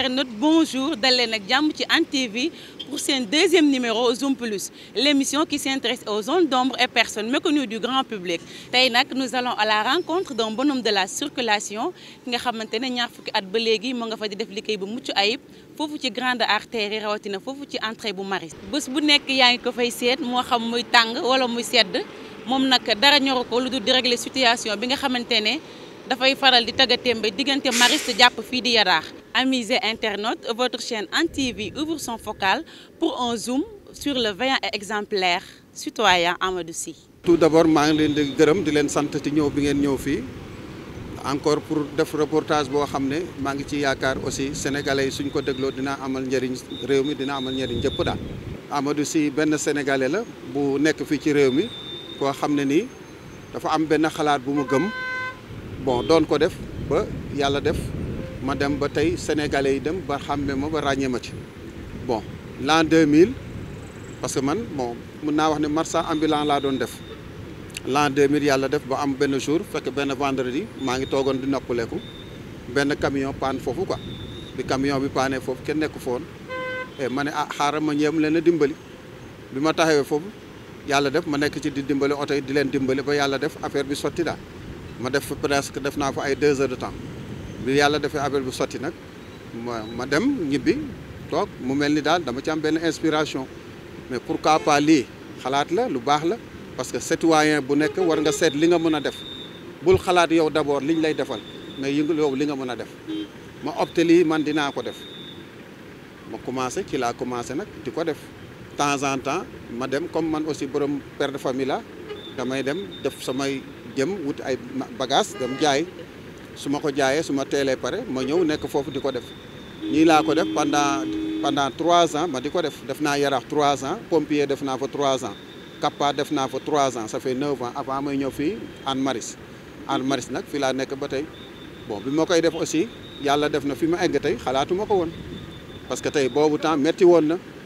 internautes bonjour dal leen ak jàmm ci Hann TV pour seen deuxième numéro Zoom Plus l'émission qui s'intéresse aux zones d'ombre et personnes méconnues du grand public tey nag nous allons à la rencontre d'un bonhomme de la circulation ki nga xamante ne ñaar fukki at ba léegi moo nga fa di def liggéey bu mucc ayib foofu ci grande artère yi rawatina foofu ci entrée bu Maris bés bu nek yaa ko fay sét mo xam muy tang wala muy sedd mom nak dara ñoro ko lu di régler situation bi nga xamantene da fay faral di tagga témbe diggante Maris japp fi di Yaraax Amis Internet votre chaîne ANTV ouvre son focal pour un zoom sur le vaillant exemplaire citoyen Amadou Sy. tout d'abord mangi le leen di gërëm di leen sant ci ñëw bi ngeen ñëw encore pour def reportage boo xam ne maa ci yaakaar aussi sénégalais yi suñ ko dégloo dina amal njëriñ réew dina amal njëriñ jëpp daal. Amadou Sy benn sénégalais la bu nekk fii ci réew mi koo xam ne nii dafa am benn xalaat bu mu gëm bon doon ko def ba yàlla def ma dem ba tey sénégalais dem ba xamé ma ba ràññee ma ci bon l'an 2000 parce que man bon mun na wax ne marsa ambulant la doon def l'an 2000 yalla def ba am ben jour fekk ben vendredi ma ngi togon di noppaleku ben camion paan fofu quoi bi camion bi paanee fofu ken nek foon e eh, mané ne ah xaaral ma ñeem leena a dimbali bima taxawé fofu yalla def ma nek ci di dimbali auto di len dimbali ba yalla def affaire bi sotti da ma def presque def n'a fa ay 2 heures de temps bi suis defee à bu sotti nag ma ma dem ñibbi toog mu mel ni dama inspiration mais pourquoi pas lii xalaat la lu parce que citoyen bu nekk war nga seet li nga mën a def bul xalaat yow d'abord liñ lay defal mais yëngal yow li nga mën a def ma opté lii man ko def ma commencé ci laa commencé nag def temps en temps ma comme man aussi borom père de famille la damay dem def samay jëm wut ay bagage dem jaay suma ko jaayee suma télé paré ma ñëw nek fofu diko def ñi la ko def pendant pendant trois ans ma diko def def na yarax trois ans pompier def n'a fa trois ans kappa def n'a fa trois ans ça fait 9 ans avant may ñëw Anne Maris Anne marie nak suis là, nek batay bon bi def aussi def na fi ma egg tay xalaatuma ko won parce que tay bobu temps metti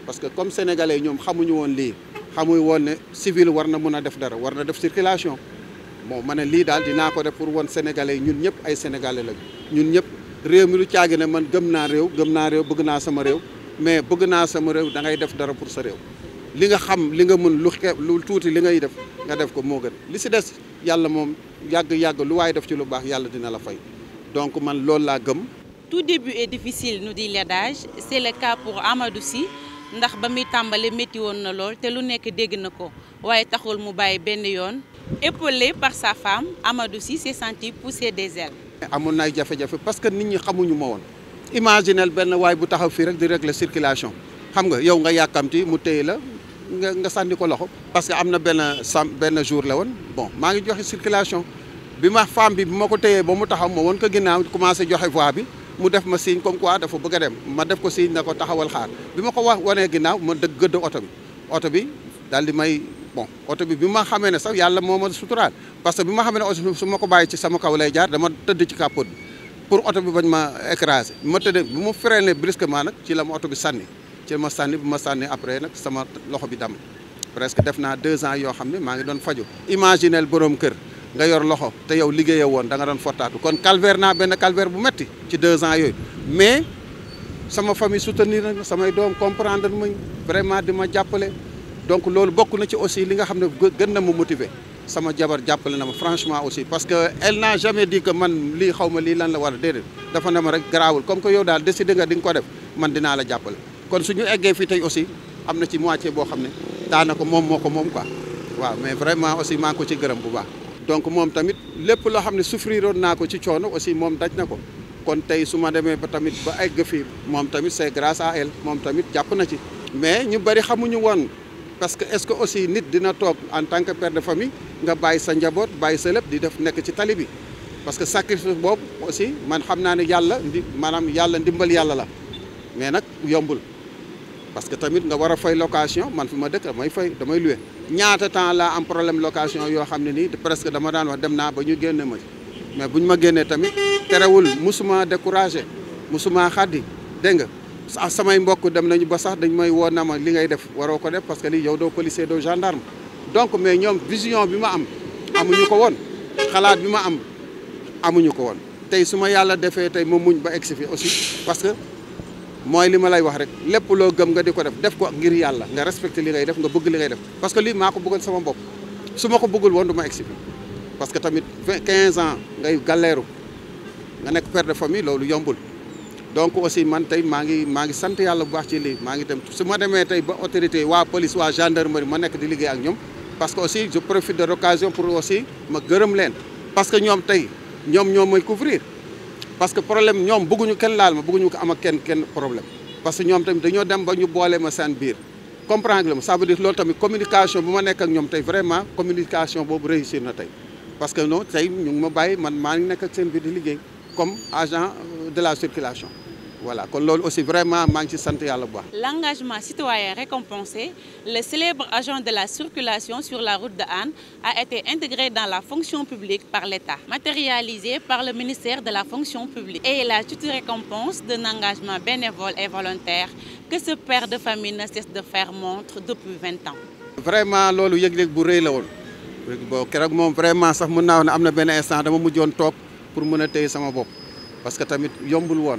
parce que comme sénégalais ñom xamuñu won li civil war na def dara circulation bon ma ne lii daal dinaa ko def pour won sénégalais yi ñun ñëpp ay sénégalais lañu ñun ñëpp réew mi lu caagi ne man gëm naa réew gëm naa réew bëgg naa sama réew mais bëgg naa sama réew da ngay def dara pour sa réew li nga xam li nga mën lu xeeb lu tuuti li ngay def nga def ko moo gën li si des yàlla moom yàgg-yàgg lu waaye def ci lu baax yàlla dina la fay donc man loolu laa gëm tout début est difficile nous dit l'adage c'est le cas pour Amadou Sy ndax ba muy tàmbale métti na lool te lu nekk dégg na ko waaye taxul mu bàyyi benn yoon épaulé par sa femme Amadou Sy s'est senti pousser des ailes. amoon na ay jafe parce que nit ñi xamuñu ma woon imaginel benn waay bu taxaw fii rek di régler circulation xam nga yow nga yàkkamti mu téye la nga nga ko loxo. parce que am na benn sam benn jour la woon bon maa ngi joxe circulation bi ma femme bi bi ma ko téyee ba mu taxaw ma woon ko ginnaaw commencé joxe voie bi. mu def ma signe comme quoi dafa bëgg dem ma def ko signe nako taxawal xaar bima ko wax wanee ginnaaw ma dëgg gëdd auto bi oto bi daal di may bon oto bi bi xamé né sax yalla moma sutural parce que bima xamé né ne aussi su ko bàyyi ci sama kaw lay jaar dama tëdd ci capot pour oto bi bañ ma écraser ma tëddee bi freiné brusquement nak ci lam auto oto bi sanni ci ma sanni bi sanni après nak sama loxo bi dam presque defna 2 ans yo xamné ma ngi don faju imaginer borom kër nga yor loxo te yow ligéyé won da nga don fottaatu kon calvaire na ben calvaire bu metti ci 2 ans yoy mais sama famille soutenir sama kompor comprendre ma vraiment di ma donc loolu bokku na ci aussi li nga xam gën na mo motiver sama jabar jàppale na ma franchement aussi parce que elle n'a jamais dit que man li xawma li lan la war a dafa ne ma rek grawul comme que yow dal décidé nga ding ko def man dina la jàppale kon suñu eggee fi tay aussi amna ci moitié bo xam ne mom moko mom quoi waaw mais vraiment aussi maa ko ci gërëm bu baax donc mom tamit lepp lo xam souffriron nako ci choono aussi mom daj nako kon tay suma démé ba tamit ba egg fi mom tamit c'est grâce à elle mom tamit japp na ci mais ñu bari xamu ñu won parce que est-ce que aussi nit dina tok en tant que père de famille nga baye sa njabot baye sa lepp di def nek ci tali bi parce que sacrifice bob aussi man xamna ni yalla manam yalla dimbal yalla la mais nak yombul parce que tamit nga wara a fay location man fuma dekk dëkk fay damay louer ñaata temps la am problème location yo xamni ni presque dama dan wax demna ba ñu génne ma mais buñ ma génnee tamit téréwul musuma décourager musuma xadi deng nga Ah, sama mbokk dem nañu ba sax dañ may woo nama ma li ngay def waroo ko def parce que lii yow doo policier gendarme donc mais vision bima am amuñu ko won xalaat bima am amuñu ko won tey su ma yàlla defee tey ma muñ ba egsi fi aussi parce que mooy li ma lay wax rek gëm nga def def ko ngir yàlla nga respecté li ngay def nga bëgg li ngay def parce que lii maa bëggal sama bopp su ma ko bëggul woon du ma egsi fi parce que tamit 15 quinze ans ngay galéeru nga nekk père de famille yombul donc aussi man tay maa ngi maa ngi sant yàlla bu baax ci li maa ngi dem su ma demee tay ba autorité wa police wa gendarmerie ma nek di liggéey ak ñom parce que aussi je profite de l'occasion pour aussi ma gërëm len parce que ñom tay ñom ñomay may couvrir parce que problème ñoom bëgguñu kenn laal ma bëgguñu ko am ak kenn kenn problème parce que ñom tamit dañu dem ba ñu bolé ma seen biir comprendre la ça veut dire lool tamit communication bu ma nekk ak ñom tay vraiment communication bobu réussir na tay parce que non tay ñu ma bàyyi man maa ngi nekk ak seen biir di liggéey comme agent euh, de la circulation voilà donc c'est aussi vraiment ci l'engagement citoyen récompensé le célèbre agent de la circulation sur la route de Anne a été intégré dans la fonction publique par l'État matérialisé par le ministère de la fonction publique et la toute récompense d'un engagement bénévole et volontaire que ce père de famille ne cesse de faire montre depuis 20 ans. vraiment c'est ce bu rëy la vraiment sax mën naa un ne instant dama temps pour me a sama parce que tamit yombul temps.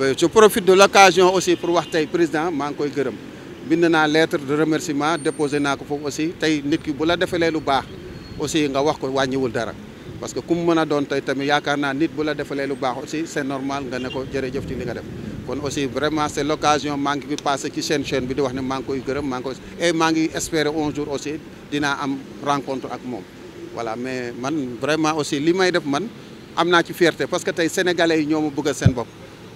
Euh, je profite de l'occasion aussi pour wax tey président maa ngi koy une bind lettre de remerciement déposé naa ko aussi tey nit ki bu la defalee lu baax aussi nga wax ko wàññiwul dara parce que kum meuna don tay doon tey tamit yaakaar nit bu la defalee lu baax aussi c'est normal nga ne ko jeuf ci li nga def kon aussi vraiment c'est l'occasion maa fi passer ci seen chaîne bi di wax ni mang koy gërëm mang koy et mangi espérer un jour aussi d'ina am rencontre ak mom voilà mais man vraiment aussi li may def man amna ci fierté parce que tay sénégalais ñoomu bëgg seen bop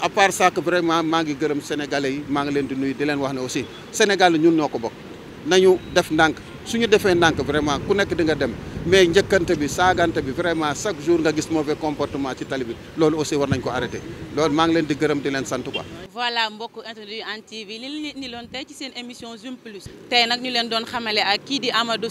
à part ça que vraiment maa ngi gërëm sénégalais yi maa ngi leen di nuyu di leen wax ne aussi Sénégal ñun ñoo ko bokk nañu def ndànk suñu defee ndànk vraiment ku nekk di nga dem mais njëkkante bi saagante bi vraiment chaque jour nga gis mauvais comportement ci tali bi loolu aussi war nañ ko arrêté loolu maa ngi leen di gërëm di leen sant quoi. voilà mbokk internet Hann TV li ni loon tey ci seen émission Zoom Plus. tey nag ñu leen doon xamale ak kii di Amadou